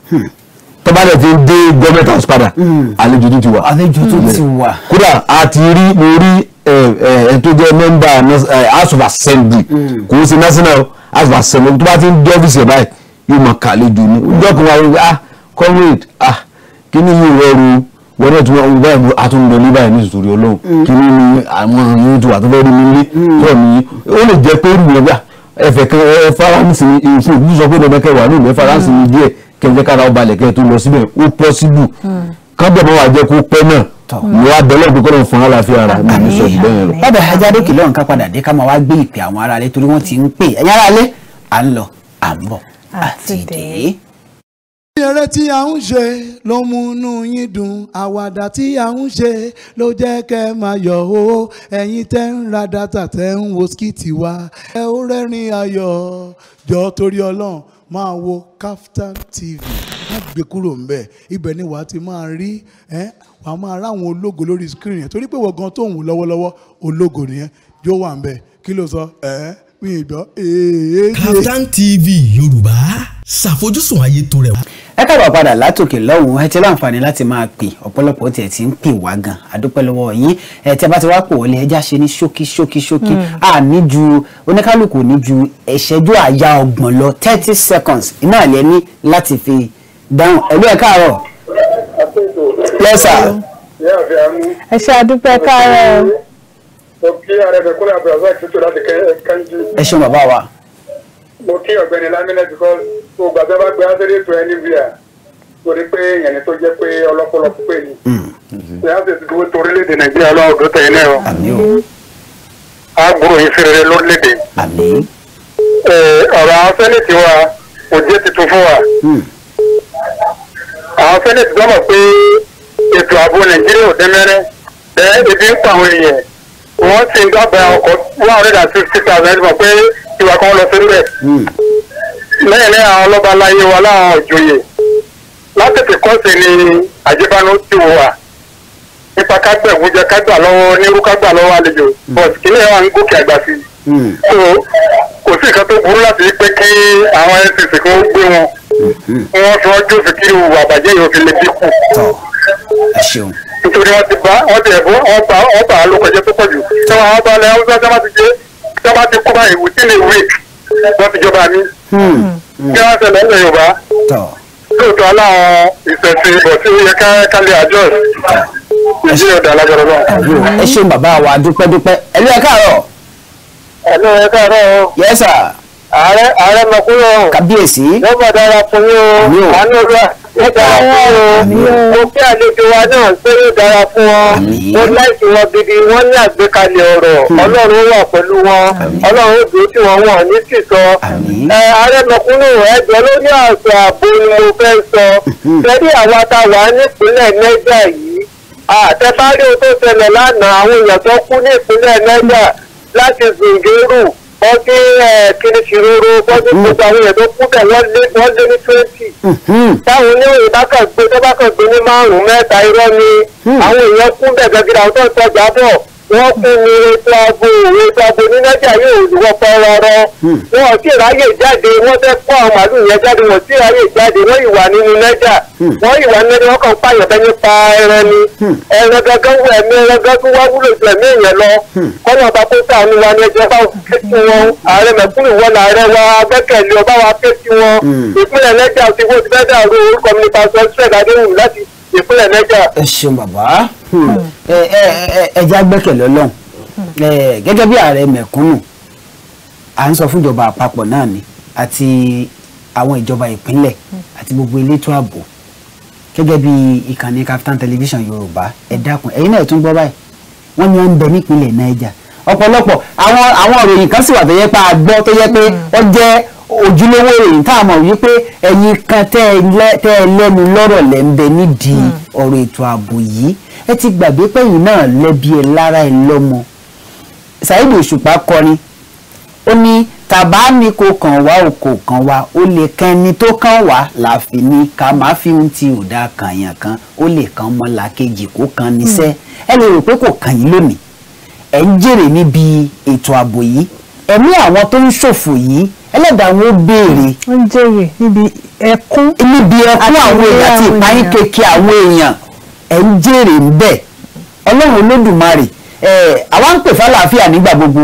tó bá dẹ̀ ti ń dé government house padà hmm. àlejò tó ti wà. àlejò tó hmm. ti wà. kódà a ti rí mo rí ẹ tó jẹ́ mẹ́mbà house of assembly hmm. kò ń ṣe national house of assembly tó bá ti ń dé ọ́fíìsì ẹ̀ báyìí yóò máa kà àlejò ni ojú ọkùnrin wa wípé ah comrade ah kí ni yóò rọrùn wọ́n náà tún wọ́n báyìí àtúndọ̀ ní báyìí nítorí ọlọ́run kí ni àwọn yóò tún àtúndọ̀ ní nílé tọ̀ ó lè jẹ́ pé ìrìnàgbà ẹ̀fẹ̀ kan ẹ̀ faransé ìfún ìbúsọ pé dandan kẹwàá ní ìlú ẹ̀ faransé ní díẹ̀ kẹ́ ẹ jẹ́ kára ọba lẹ̀ kẹ́ ẹ tó lọ síbẹ̀ ó pọ́síbù kábẹ̀ mọ́ wà jẹ́ kó pẹ́ náà mo wá bẹ̀rẹ̀ pé kọ́lọ́ fún aláfíà ara mi ní sọ́ọ̀bù bẹ́ẹ̀ lọ. bàbá ajá dókè lọ́run ká padà dé ká máa wá gbé ìpè àwọn aráalé torí wọ́n ti ń pè ẹ̀yin aráalé à ń lọ à ń bọ̀ àti dé. eré tí a ń ṣe ló mú inú yín dùn àwàdà tí a ń ṣe ló jẹ́ kẹ́ ẹ máa yọ̀ o ẹ̀yin tẹ́ ń ra dátà tẹ́ ń wo skìtì wa ẹ ó rẹ́rìn ayọ̀ jọ torí ọlọ́run máa wo Kaftan TV má gbé kúrò ńbẹ̀ ibẹ̀ ni wàá ti máa rí wàá máa ráwọn ológo lórí screen yẹn torí pé wọ́n gan tó ń wù lọ́wọ́lọ́wọ́ ológo nìyẹn yóò wà ńbẹ̀ kí ló sọ ẹ̀ mi ì gbọ́. Kaftan TV Yorùbá ṣàfojúsùn ayé tó rẹwà. ẹ kábàá padà látòkè lọ́hùn ẹ ti láǹfààní láti máa pè ọ̀pọ̀lọpọ̀ tiẹ̀ ti ń pè wá gan àdúpẹ́ lọ́wọ́ yín ẹ tí a bá ti wá pò wọlé ẹjá ṣe ní ṣókí ṣókí ṣókí hmm. a ní ju oníkálukú ní ju ìṣẹ́jú àyá ọgbọ̀n lọ thirty seconds iná àlẹ́ ní láti fi dáhùn ẹ̀lú ẹ̀ káàárọ̀. lọ́sà. ẹ ṣe àdúpẹ́ káàárọ̀. ẹ ṣe bàbá wa mo kí ọ̀gbẹ́ni Lámínà because gbogbo àgbàbà gbé ásẹ́rẹ́ tó ẹni bíà torí pé ìyẹn tó jẹ́ pé ọlọ́pọlọ pípé ni. Hmm. ṣé a ṣe dúró torí léde Nàìjíríà lọ́wọ́ tó tẹ̀yìn náà. a gbúrò yín fèrè lórílẹ̀-èdè. ọ̀rọ̀ àwọn sẹ́nẹ̀tì wa kò jẹ́ tuntun fún wa. Hmm. àwọn sẹ́nẹ̀tì gbọ́mọ̀ pé ètò ààbò Nàìjíríà ò dẹ́mẹ́rẹ́ bẹ́ẹ̀ ebi ń pa àwọn èèyàn wọ́n ti ń gbàgbà ọkọ̀ one hundred and fifty thousand mọ̀ pé ìwà kan lọ sílẹ̀ hmm. lẹ́yìn lẹ́yìn àwọn ọlọ́ba láyé wa láwọn òjòyè látètè kọ́sẹ̀ ni àjẹbánu ti wò wá nípa kágbẹ̀wò jẹ kágbà lọ́wọ́ nírú kágbà lọ́wọ́ àlejò hmm. but kí lè wà ń gòkè àgbà sí i hmm. kò sí nǹkan tó burú láti pé kí àwọn ncc kí wọ́n gbé wọn wọ́n fi wọ́n jófin kí ìwà àbàjẹ́ yìí ò fi lè dínkù nítorí wọ́n ti bá wọ́n ti ẹ̀bùn wọ́n bá wọ́n bá lókọjẹ́ tó pọ̀ jù tí wọ́n bá lẹ́yìn ọ̀sán tí wọ́n ti jẹ́ tọ́ba ti kú báyìí within a week wọ́n ti jọba mi. Hmm. kí wọ́n ṣẹlẹ̀ ńlẹ̀ yorùbá lóòótọ́ aláwọn ìfẹ̀sìn ìbọ̀ tí ó yẹ kálẹ̀ àjọ ìdí ọ̀dà alágbára náà. Hmm. ẹ ṣe bàbá wa dúpẹ́ dúpẹ́ ẹ lé ẹ káàárọ̀. ẹ lé ẹ káàárọ̀ o. yẹ́sà. ààrẹ ààrẹ mọ̀kúrò. kábíyèsí. lọ́gbàdàrà fún yín o. àánú rẹ̀ nípa wọn o àlejò wa náà sórí ìdára fún wọn wọn láìsí wọn gidi wọn ní àgbékalẹ̀ ọ̀rọ̀ hmm. ọlọ́run wà pẹ̀lú wọn ọlọ́run ó dúró tí wọ́n wọ̀ ní sísọ. arẹ́mọkúnrin ẹ̀jọ́ ló ní àṣà àbò ni mo fẹ́ sọ lórí hmm. àwa tá a wà nípínlẹ̀ Niger yìí àtẹ̀bárí o tó ṣẹlẹ̀ lánàá àwọn èèyàn tó kú ní ìpínlẹ̀ láti zùngérù wọ́n dé kíni ṣìróró wọ́n dé hmm. gbogbo àwọn èèyàn tó kú bẹ̀ wọ́n lé wọ́n lé ní twenty. Hmm. táwọn oníròyìn bá kàn gbé tó bá kàn gbé ní márùn-ún mẹ́ta irọ́ ni hmm. àwọn èèyàn kú bẹ̀ gẹ́gẹ́ àwọn tó ń tọjà bọ̀ wọ́n fún mi ètò aago ìwé ètò aago ní nàìjíríà yóò wọ́pọ̀ rọrọ wọn ò tí ì ráyè jáde wọ́n fẹ́ kó àwọn màálù yẹn jáde wọ́n tí ì ráyè jáde wọ́n ìwà nínú nàìjíríà hmm. wọ́n ìwà nínú wọ́n kàn pààyàn bẹ́ẹ̀ nípa ẹran ni hmm. ẹran gangan wọ ẹ̀mí ẹran gangan wá wúlò ju ẹ̀mí èèyàn lọ hmm. kọ́nà ọba kó tà ní wa ní ẹjọ́ bá fẹ́tí wọn ààrẹ mẹ̀kúnnù wọn ààrẹ wa gbẹ́kẹ̀lé ọba wa fẹ́tí wọn ìpínlẹ̀ nàìjíríà ti wọ́n ti fẹ́ dàrú orúkọ mi nípa sọ́ọ́ ìpínlẹ̀ Niger. ẹ ṣeun bàbá ẹja gbẹ́kẹ̀lé Ọlọ́run gẹ́gẹ́ bí ààrẹ mẹ̀kúnnù à ń sọ fúnjọba àpapọ̀ náà ni àti àwọn ìjọba ìpínlẹ̀ àti gbogbo elétò ààbò gẹ́gẹ́ bí ìkànnì Kaftan television Yorùbá ẹ dákun ẹ̀yin náà tún gbọ́ báyìí wọ́n ní wọ́n ń bẹ nípínlẹ̀ Niger ọ̀pọ̀lọpọ̀ àwọn àwọn ìròyìn kan sì wà tó yẹ pé a tó yẹ pé ó jẹ́ ojúlówó èyí tá a mọ̀ wípé ẹ̀yin kan tẹ́ ẹ lẹ́nu lọ́rọ̀ lẹ́ ń bẹ nídìí hmm. ọ̀rọ̀ ètò ààbò yìí ẹ ti gbàgbé pẹ̀yìn náà lẹ́bi ẹ̀ lára ẹ̀ lọ́mọ Saheed Òṣùpá kọrin ó ní tàbá ni kò kàn wá o kò kàn wá ó lè kan ẹni tó kàn wá láfi ní ká má fi ń ti òdà kàyàn kan ó lè kan ọmọlàkejì kó kan níṣẹ́ hmm. ẹ lè rò pé kò kàn yín lónìí ẹ ń jèrè níbi ètò ààbò yìí ẹ̀mí àwọn tó ń ṣòfò yìí ẹlẹ́dàá wọn ó béèrè. ó ń jèrè níbi ẹkún. níbi ẹkún àwọn èèyàn àti ìpáyín keke àwọn èèyàn ẹ̀ ń jèrè ń bẹ̀ ọlọ́run olódùmarè àwa ń pè fàlàáfíà nígbà gbogbo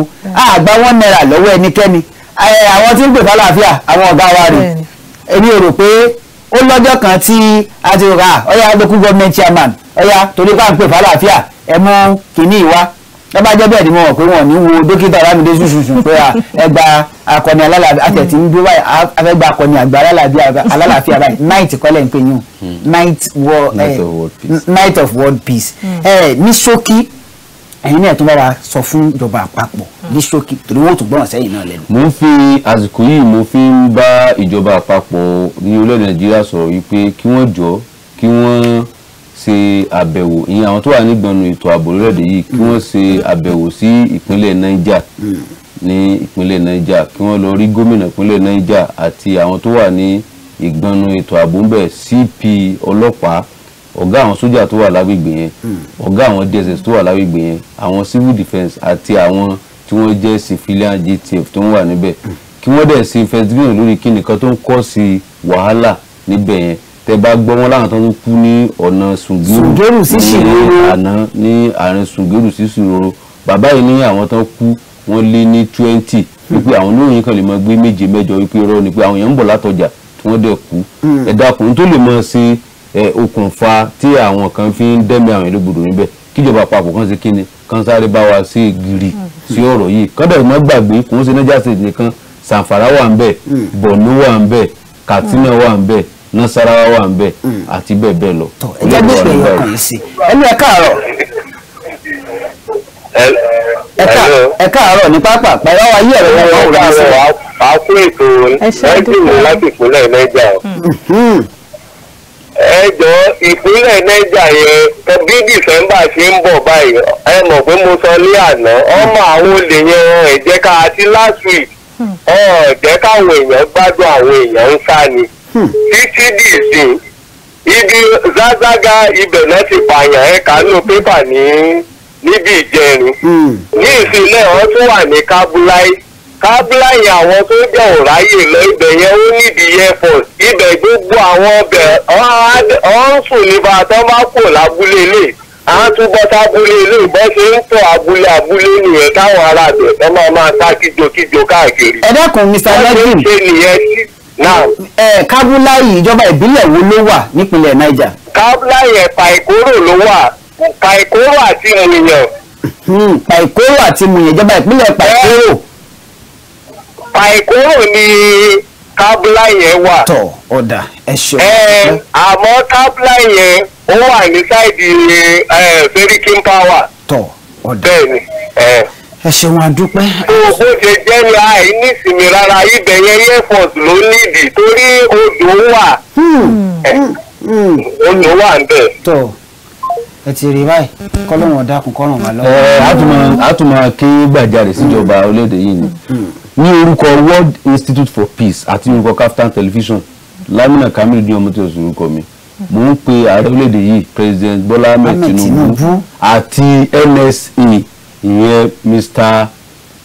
àgbà wọn náírà lọ́wọ́ ẹnikẹ́ni àwọn tí ń pè fàlàáfíà àwọn ọ̀gá wa rè èmi rò pé ó lọ́jọ́ kan tí a ti rà ọ̀yá local government chairman ọ̀yá torí bá ń pè fàlàáfíà ẹ̀ mú kínní ìwá ẹ bá jẹ́ bẹ́ẹ̀ ni mo mọ̀ pé wọn ò ní wo dókítà rámidé ṣùṣùṣù pé ẹ gba akọni alálàáfíà àtẹ̀tí ń dúró báyìí afẹ́gbà akọni àgbà alálàáfíà báyìí night kọ́lẹ̀ ń pè hmm. night war, eh, night of world peace hmm. eh, ní ṣókí ẹ̀yin náà tó bá wa sọ fún ìjọba àpapọ̀ hmm. ní ṣókí torí wọ́n ò tún gbọ́ràn sẹ́yìn náà lẹ́nu. mo ń fi àsìkò yìí mo fi ń bá ìjọba àpapọ̀ ní orílẹ̀ nàìjíríà sọ̀rọ̀ yìí pé kí wọ́n jọ kí wọ́n ṣe àbẹ̀wò ìyẹn àwọn tó wà nígbọ̀nù ètò ààbò orílẹ̀-èdè yìí kí wọ́n ṣe àbẹ̀wò sí ìpínlẹ̀ niger ní ìpínlẹ̀ Niger kí wọ́n lọ rí gómìnà ìpínlẹ̀ Niger àti àwọn tó wà ní ìgbọnnu ètò ààbò ńbẹ CP ọlọ́pàá ọ̀gá àwọn sójà tó wà lágbègbè yẹn hmm. ọ̀gá àwọn DSS tó wà lágbègbè yẹn àwọn civil defence àti àwọn tí wọ́n jẹ́ civilian GTF tó ń wà níbẹ̀ hmm. kí wọ́n dẹ̀ ṣe investigation lórí kí nìkan tó ń kọ́ sí wàhálà níbẹ̀ yẹn tẹ bá gbọ́ wọn láwọn tó ń kú ní ọ̀nà sùngérù sí ṣìróró àná ní àárín sùngérù sí ṣìróró bàbá yìí ní àwọn tó ń kú wọ́n lé ní twenty wípé àwọn olóyìn kan lè máa gbé méje mẹ́jọ wípé irọ́ ni pé àwọn èèyàn ń bọ̀ látọjà tí wọ́n dẹ̀ kú hmm. ẹ dákun tó lè máa ṣe okùnfà tí àwọn kan fi ń dẹ́mi àwọn ìlúgbòdò níbẹ̀ kíjọba àpapọ̀ kan ṣe kí ni kan sáré bá wa sí gírì sí ọ̀rọ̀ yìí kọ́dọ̀ ìmọ̀ gbàgbé kò ń ṣe niger state nìkan sanfara wà ń bẹ̀ hmm. borno wà ń bẹ̀ katsina wà ń bẹ̀ nasarawa wà ń bẹ̀ hmm. àti bẹ́ẹ̀ bẹ́ẹ̀ lọ. ẹ jẹ́ gbèsè yọkàn yìí sí ẹni ẹ káàárọ̀. ẹ káàárọ̀ ní pápá pẹ̀lú àwọn ayé ẹ̀rọ wọn wọ́n wọ́n wọ́n ètò láti ìpínlẹ̀ Niger hmm. ẹ ìpínlẹ̀ Niger yẹn bí December ṣe ń bọ̀ báyìí ẹ mọ̀ pé mo sọ ọmọ àwọn olè yẹn last week hmm. káwọn gbádùn àwọn èèyàn sá ni hmm. títí ibi zazaga ibẹ̀ náà ti pààyàn pépà ní. níbi ìjẹrin hmm. ní ìfilẹ̀ wọn tún wà ní kábúláì kábúláì àwọn tó jẹ́ òráyè lọ ibẹ̀ yẹn ó ibẹ̀ gbogbo àwọn ọbẹ̀ ọ̀hún sùn nípa lábúlé lè sábúlé ṣe ń tọ́ abúlé abúlé nìyẹn táwọn ará àgbẹ̀ máa máa kíjokíjo káàkiri. ẹ Mr. Legend ṣe wà nípínlẹ̀ Niger. kábúláì ẹ̀pà ìkóró ló wà pàìkóró àti mùyàn. Hmm, pàìkóró àti mùyàn ìjọba ìpínlẹ̀ pàìkóró. pàìkóró ni tábìlà yẹn wà. tọ ọ̀dà ẹ ṣeun. ẹ àmọ́ tábìlà yẹn ó wà ní sáìdì fẹ́ríkín power. tọ ọ̀dà bẹ́ẹ̀ni. ẹ ṣeun àdúpẹ́. tó bó ṣe jẹ́ ni àìnísìmí rárá ibẹ̀ yẹn air force ló nídìí torí odò wà. Hmm, hmm, odò wà ń bẹ̀ ẹ ti rí báyìí kọ́lọ́wọ̀n dákun kọ́ràn wá lọ́wọ́. ẹ á tún máa ké gbàjarè síjọba orílẹ̀-èdè yìí ni hmm. ní orúkọ World Institute for Peace àti orúkọ Kaftan Television Lamina Kamilu ní ọmọ tí o sì orúkọ mi mo ń pe ààrẹ orílẹ̀-èdè yìí President Bola Ahmed Tinubu àti NSA ìyẹn Mr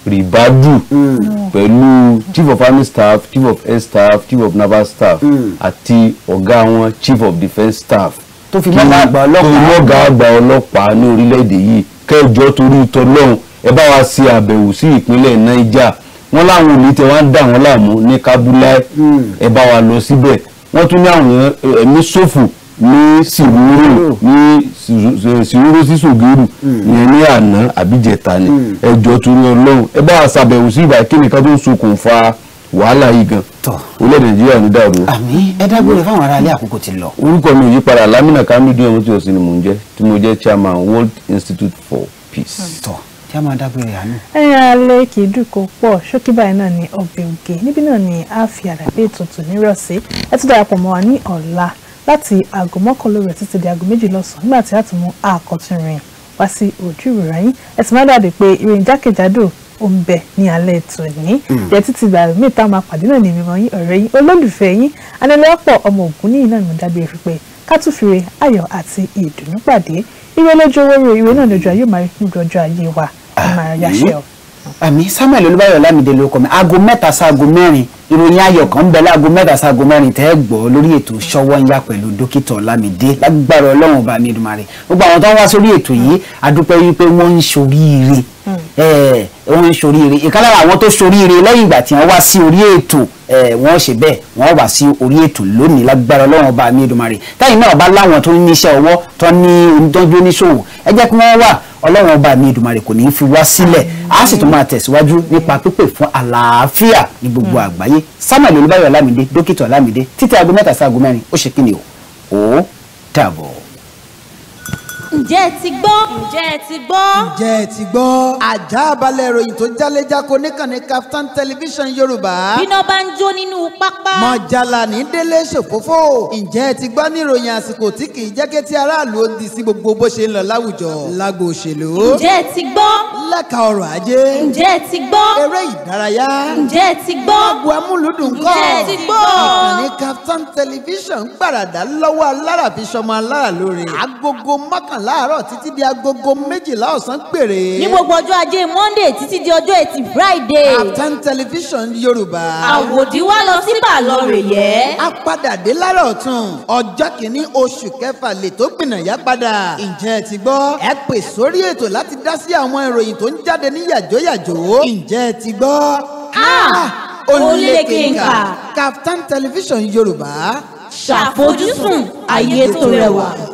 ribadu hmm. pẹ̀lú chief of army staff chief of air staff chief of naval staff hmm. àti ọ̀gá wọn chief of defence staff tó fi lọ́gàá àgbà ọlọ́pàá tó lọ́gàá àgbà ọlọ́pàá ní orílẹ̀-èdè yìí kẹjọ torí tọlọ́hún ẹ bá wa ṣe àbẹ̀wò sí ìpínlẹ̀ Niger wọ́n láwọn òní tẹ wá ń dà wọ́n láàmú ní Kabulai hmm. ẹ bá wa lọ síbẹ̀ wọ́n tún ní àwọn ẹ̀mí ṣòfò ní sìrúrò ní sìrúrò sísògìrù hmm. ìyẹn ní àná àbíjẹta ni hmm. ẹjọ torí Ọlọ́run ẹ bá wa ṣàbẹ̀wò sí ìbàkínìkan tó ń ṣokùnfà wàhálà yìí gan orílẹ̀-èdè nàìjíríà ní dàrú. àmì ẹ dágbére fáwọn ará ilé àkókò ti lọ. orúkọ mi yí padà Lamina Kamidu ọmọ tí o sì ni mò ń jẹ tí mo jẹ chairman World Institute for Peace. Hmm, tọ kí a máa dágbére àánú. ẹyà alẹ́ kì í dùn kó pọ̀ ṣókí báyìí náà ni ọbẹ̀ ògè níbí náà ni a fi àdàpé tuntun nírọ̀sí ẹ tún darapọ̀ mọ́ wa ní ọ̀la láti aago mọ́kànlá rẹ̀ títí di aago méjì lọ́sàn nígbà tí a tún mú àkọ́tún rìn wá sí ojú ìròyìn ẹ sì má dàbí pé ìròyìn jákèjádò ó ń bẹ ní alẹ́ tòní hmm. jẹ́ títí gbà mí ta máa pàdé náà ní mímọ́ yín ọ̀rẹ́ yín olólùfẹ́ yín anilọ́pọ̀ ọmọ ògún ní iná ìmọ̀ dábìí fipẹ́ kátúfìrè ayọ̀ àti ìdùnnú pàdé ìwé lójú owó rẹ̀ ìwé náà lójú ayé màrí níbi ọjọ́ ayé wa ìmàràyà ṣẹ́ ọ. àmì samuel olúbáyọ̀ lámìdé ló kọ mi aago mẹ́ta sáago mẹ́rin ìròyìn ayọ̀ kan ń bẹ láago mẹ́ta sáago mẹ́rin tẹ́ ẹ gbọ́ lórí ètò Ṣọ́wọ́nyá pẹ̀lú dókítà Ọlámídé lágbára Ọlọ́run ọba mi dùmarè gbogbo àwọn tó ń wá sórí ètò yìí a dúpẹ́ wípé wọ́n ń ṣoríire wọ́n ṣoríire ìkan lára àwọn tó ṣoríire lẹ́yìn ìgbà tí wọ́n wá sí orí ètò wọ́n ṣe bẹ́ẹ̀ wọ́n wá sí orí ètò lónìí lágbára Ọlọ́run ọba mi Èdùmàrè táyì náà bá láwọn tó ní iṣẹ́ ọwọ́ tó ní onídọ́jú oníṣòwò ẹ jẹ́ kí wọ́n wà Ọlọ́run ọba mi Èdùmàrè kò ní í fi wá sílẹ̀ a sì tún máa tẹ̀síwájú nípa pípè fún àlàáfíà ní gbogbo àgbáyé Samuel Olúbáyọ̀ Ọlámídé dókítà Ọlámídé títí aago mẹ́ta sí aago mẹ́rin ó ṣe kí ni o ó dàbọ̀ ǹjẹ́ ẹ ti gbọ́. ǹjẹ́ ẹ ti gbọ́. ǹjẹ́ ẹ ti gbọ́. àjà abalẹ̀ ìròyìn tó jáléjáko níkànnì Kaftan television yorùbá. bíná bá ń jó nínú pápá. mọ̀jàlá ní délé ṣòfófó. ǹjẹ́ ẹ ti gbọ́ ní ìròyìn àsìkò tí kì í jẹ́ kí ti aráàlú ó di sí gbogbo bó ṣe ń lọ láwùjọ. lágbo òṣèlú. ǹjẹ́ ẹ ti gbọ́. lẹ́ka ọrọ̀ ajé. ǹjẹ́ ẹ ti gbọ́. eré ìdárayá. ǹjẹ́ ẹ ti gbọ́. agbo television gbàràdà lọ́wọ́ alára fi ṣọmọ agogo mọ́kànlá láàárọ̀ títí di agogo méjìlá ọ̀sán péré. ní gbogbo ọjọ́ ajé monday títí di ọjọ́ ẹtì friday. Kaftan television yorùbá. àwòdì lọ sí bàlọ́ rẹ̀ yẹ́. a padà dé lárọ̀ ọ̀tún ọjọ́ kìíní oṣù kẹfà lè gbìnàyà padà. ǹjẹ́ ẹ ti gbọ́ ẹ pè sórí ètò láti dá sí àwọn ìròyìn tó ń jáde ní yàjóyàjó. ǹjẹ́ ẹ ti gbọ́. Olúlékéńkà Kaftan television yorùbá ṣàfojúsùn ayé tó rẹwà.